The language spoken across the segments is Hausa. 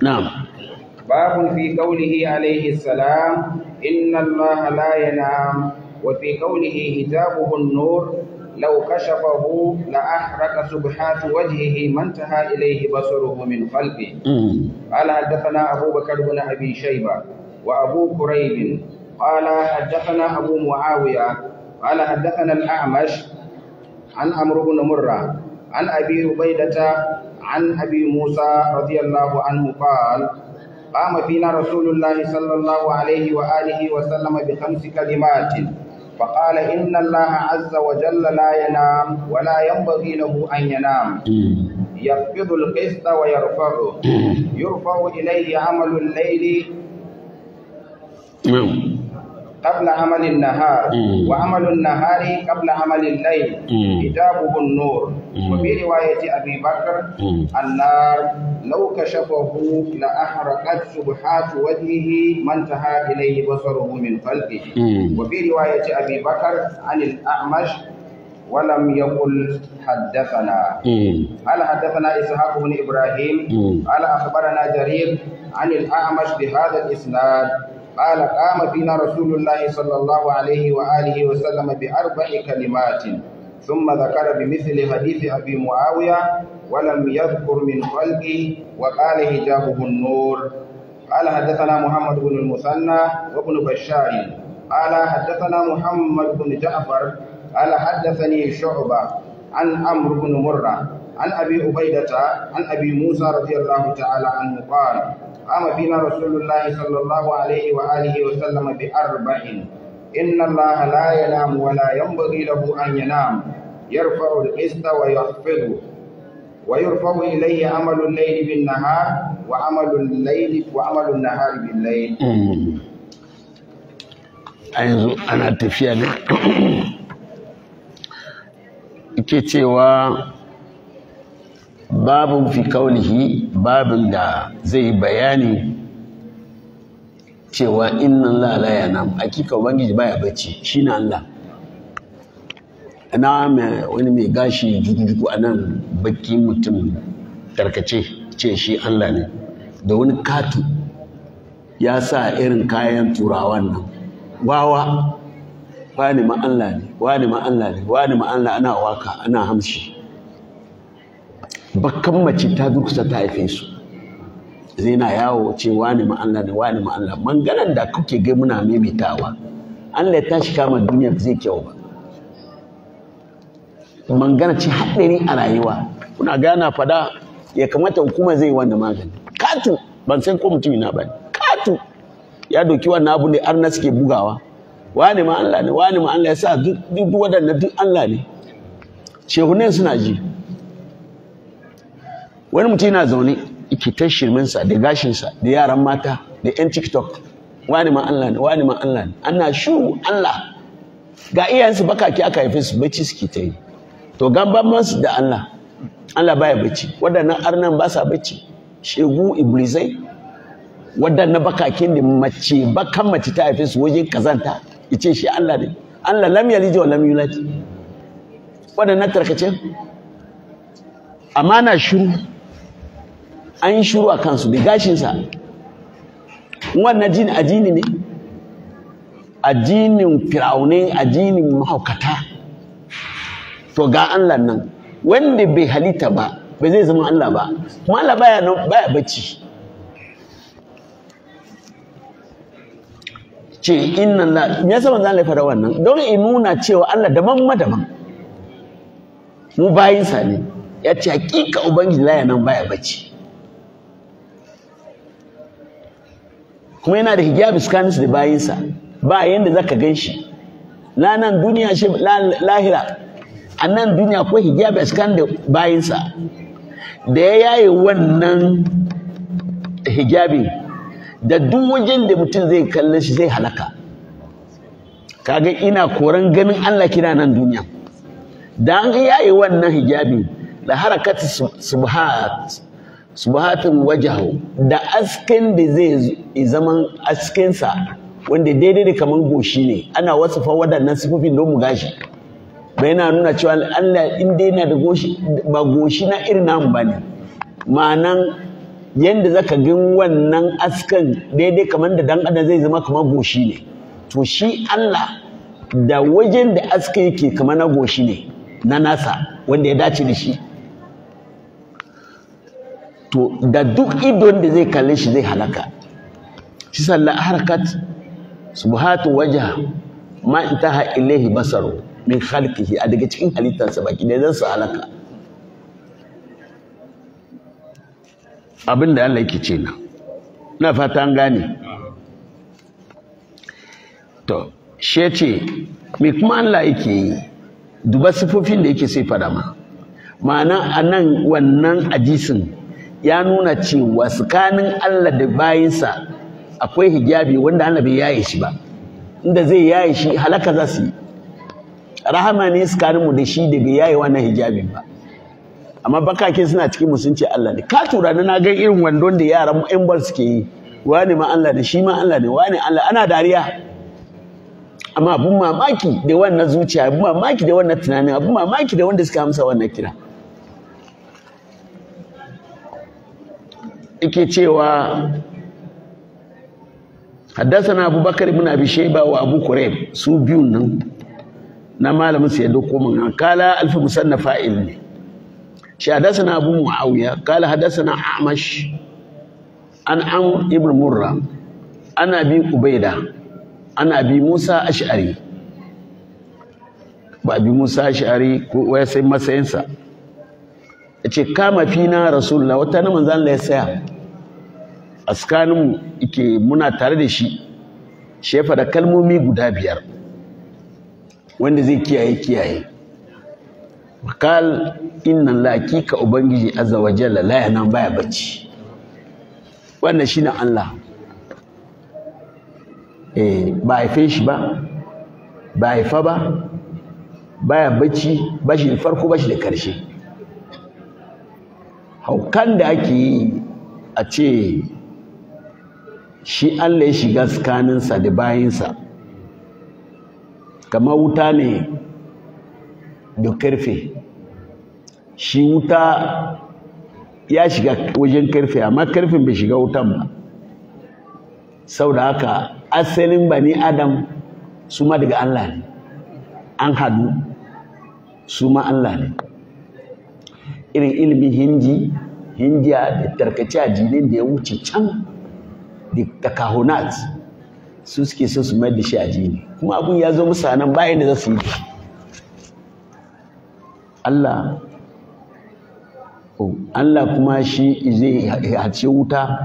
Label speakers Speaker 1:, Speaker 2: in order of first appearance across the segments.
Speaker 1: Babu
Speaker 2: Babun fi kaulihi alaihi salam, inna Allah la yanam wa fi kaulihi hijabuhu an-nur law kashafahu la ahraka subhat wajhihi man taha ilayhi basaruhu min qalbi. Ala hadathana Abu Bakr ibn Abi Shayba wa Abu Qurayb قال حدثنا أبو معاوية قال حدثنا الأعمش عن عمرو بن مرة عن أبي عبيدة عن أبي موسى رضي الله عنه قال قام فينا رسول الله صلى الله عليه وآله وسلم بخمس كلمات فقال إن الله عز وجل لا ينام ولا ينبغي له أن ينام يقبض القسط ويرفعه يرفع إليه عمل الليل قبل عمل النهار وعمل النهار قبل عمل الليل كتابه النور akwai mm. riwaya ce abu bakar mm. annar lauka shafa hu la ahara kacu hatu wajihi man ta ha ilayhi basaru hu min falki mm. wa bi riwaya ce abu bakar anil a'mash ولم يقل حدثنا قال حدثنا اسحاق بن ابراهيم قال اخبرنا جرير عن الاعمش بهذا الاسناد قال قام فينا رسول الله صلى الله عليه واله وسلم باربع كلمات ثم ذكر بمثل حديث أبي معاوية ولم يذكر من خلقه وقال حجابه النور قال حدثنا محمد بن المثنى وابن بشار قال حدثنا محمد بن جعفر قال حدثني شعبة عن عمرو بن مرة عن أبي عبيدة عن أبي موسى رضي الله تعالى عنه قال قام فينا رسول الله صلى الله عليه وآله وسلم بأربع inna allaha la yanamu wa la yanbaghi lahu an yanamu yarfa'u al-qista wa yahfidhu wa yurfa'u ilayya amalu al-layli bin nahar wa amalu al-layli wa amalu an-nahar bin layl
Speaker 1: ayanzu ana tafiya ne ke cewa babun fi kaunihi da zai bayani cewa inna Allah la yanam hakika ubangiji baya bacci na Allah na wani mai gashi jukujuku a nan baki mutum tarkace ce shi Allah ne da wani katu ya sa irin kayan turawan nan wawa wani ma Allah ne wani ma Allah ne wani Allah ana waka ana hamshi bakkan mace ta durkusa ta haife su zai na yawo ce wani ma ne wani ma manganan da kuke ga muna maimaitawa Allah ya tashi kama duniya zai kyau ba mangana ce haɗari a rayuwa kuna gana fada ya kamata hukuma zai wanda magani katu ban san ko mutum ina bane katu ya doki wannan abu ne arna suke bugawa wani ma Allah ne wani ma Allah ya sa duk waɗannan duk Allah ne shehunan suna ji wani mutum yana zaune ikitar shirminsa da gashinsa da yaran mata da 'yan tiktok wani ma Allah ne wani ma Allah ne ana shu Allah ga iyayensu ki aka haife su bacci suke ta yi to gamban su da Allah Allah baya bacci waɗannan arnan ba sa bacci shegu iblisai waɗannan bakakin da mace bakan mace ta haife su wajen kazanta ice shi Allah ne Allah lam yali wa lam yulati waɗannan tarkace amana shiru an shuru a kansu da gashinsa wannan jini addini ne Addinin firaunai addinin mahaukata to ga Allah nan wanda bai halitta ba ba zai zama Allah ba kuma Allah baya nan baya bacci ce inna la me yasa manzo Allah ya fara wannan don in nuna cewa Allah daban madaban mu bayinsa ne ya ce hakika ubangiji la nan baya bacci kuma yana da hijabi tsakaninsa da bayinsa ba yanda zaka gan shi lanan duniya shi lahira a nan duniya ko hijabi tsakanin da bayinsa da ya yaye wannan hijabi da duk wajen da mutum zai kalli shi zai halaka kaga ina koran ganin Allah kina nan duniya da an yaye wannan hijabi da harakat subhat subhatun wajahu da askin da zai zama askinsa wanda daidai da kaman goshi ne ana wasafa wadannan sufufin don mu gashi bai yana nuna cewa Allah in dai yana da goshi ba goshi na irin namu bane ma'anan yanda zaka gin wannan askan daidai kaman da dan adam zai zama kamar goshi ne to shi Allah da wajen da aska yake kamar na goshi ne na nasa wanda ya dace da shi to da duk idon da zai kalle shi zai halaka shi sallah harakat subhatu wajah, ma intaha ilaihi basaru min khalqihi a daga cikin halittarsa baki da zan su halaka abin da Allah yake ce na na fata an gane to she ce me kuma Allah yake yi duba sifofin da yake sai fara ma ma'ana nan wannan ajisin ya nuna cewa tsakanin Allah da bayinsa akwai hijabi wanda Allah bai yaye shi ba inda zai yaye shi halaka za su yi rahama ne tsakanin mu da shi da bai yaye wannan hijabin ba amma bakakin suna cikin musunci, ce Allah ne ka tura na ga irin wandon da yaran mu ɗan bar suke yi wani ma Allah ne shi ma Allah ne wani Allah ana dariya amma abun mamaki da wannan zuciya abun mamaki da wannan tunanin abun mamaki da wanda suka amsa wannan kira yake cewa haddasana abubakar ibn abi shaiba wa abu kurayb su biyun nan na malamin sai da komin kala alfi musannafa ilmi shi haddasana abu muawiya kala haddasana amash an an ibn murra ana bi ubaida ana bi musa ash'ari ba bi musa ash'ari ko wai sai masayinsa ce kama na rasulullah wata na manzan Allah ya saya a tsakaninmu ike muna tare da shi shi ya faɗa kalmomi guda biyar wanda zai kiyaye kiyaye wakal inna la ka ubangiji azza wa jalla la yana baya bacci wannan shine Allah eh ba haife shi ba ba haifa ba baya bacci ba da farko ba da karshe haukan da ake yi a ce shi Allah ya shiga tsakaninsa da bayansa kamar wuta ne da karfe shi wuta ya shiga wajen karfe amma karfin bai shiga wutan ba sau da haka asalin bani adam su ma daga Allah ne an hadu su ma Allah ne irin ilimin hindi hindiya da tarkace addinin da ya wuce can da kahonat su suke son su mayar da shi addini kuma abun ya zo musu nan bayan da za su yi Allah oh, Allah kuma shi zai harce wuta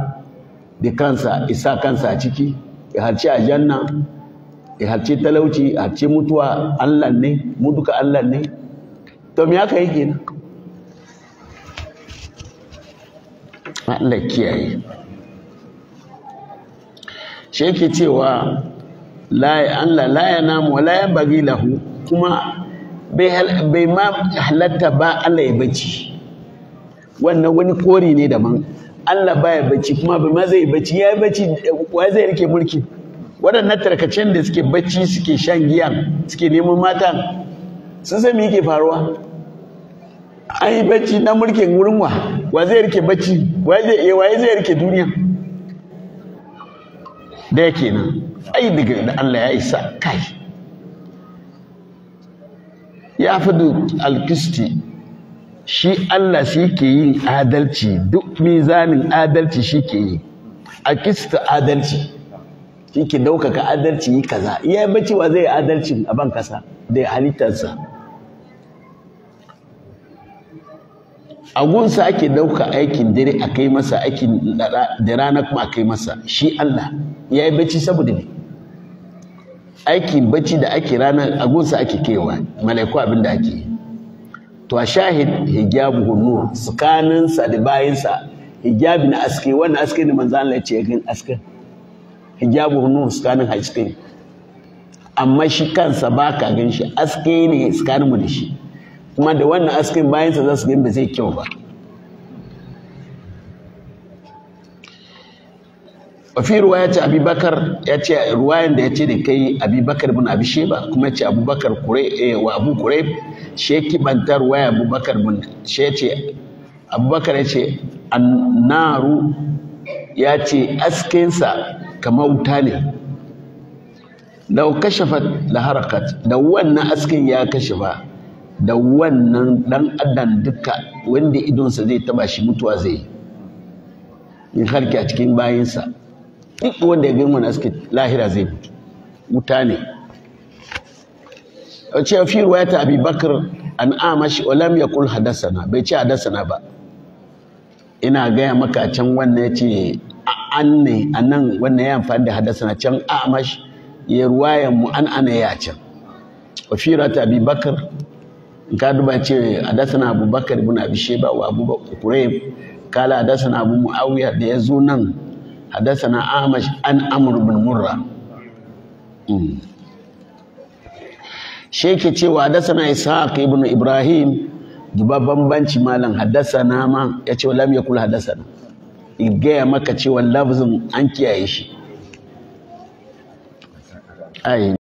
Speaker 1: da kansa isa kansa a ciki ya harce a janna ya harce talauci ya harce mutuwa Allah ne mu duka Allah ne to me aka yi na Allah kiyaye shi yake cewa Allah la ya namu wa la ya bagi lahu kuma bai ma halatta ba Allah ya bacci wannan wani kori ne daban Allah baya bacci kuma bai ma zai bacci ya bacci wa zai rike mulki waɗannan tarkacen da suke bacci suke shan giya suke neman mata sun san me yake faruwa an yi bacci na mulkin wurin wa wa zai rike bacci waye eh, zai rike duniya da yake nan ai daga da Allah ya isa kai ya fadu alkisti shi Allah shi ke yin adalci duk mizanin adalci shi ke yi alkisti adalci shi ke daukaka adalci yi kaza iya bacci wa zai adalcin a ban kasa da halittarsa a gunsa ake dauka aikin dare a kai masa aikin da rana kuma a kai masa shi Allah ya yi bacci saboda ne aikin bacci da ake ranar a gunsa ake kaiwa malaiku abin da ake yi to a shahid hijabu hunnu tsakaninsa da bayansa hijabi na aske wannan aske ne manzan Allah ya ce yakin aske hijabu hunnu tsakanin hajjin amma shi kansa ba ka gan shi aske ne tsakaninmu da shi kuma da wannan askin bayansa za su gan ba zai kyau ba wafi ruwa ya ce abubakar ya ce ruwayan da ya ce da kai abubakar bin ba kuma ce abubakar eh, wa abu kure shi ya kibanta ruwaya abubakar bin shi ya ce abubakar ya ce annaru ya ce askinsa kamar wuta ne lau kashafa da harakat da wannan askin ya kashe ba da wannan dan adam duka wanda idonsa zai taba shi mutuwa zai in harki a cikin bayinsa duk wanda ya gani na suke lahira zai mutu wuta ne a ce fi ruwayata abi bakar an amashi olam ya kul hadasana bai ce hadasana ba ina gaya maka can wannan ya ce an ne a nan wannan ya amfani da hadasana can amashi ya ruwayan mu an ana ya can A fi ruwayata abi bakar ka duba ce hadathana abubakar bin abi shayba wa abu kurayb kala hadathana abu muawiya da ya zo nan a dasa hadathana amash an amr ibn murra shi yake cewa hadathana ishaq ibn ibrahim duba bambanci malam hadathana ma ya ce lam yakul hadathana gaya maka cewa lafzin an kiyaye shi ai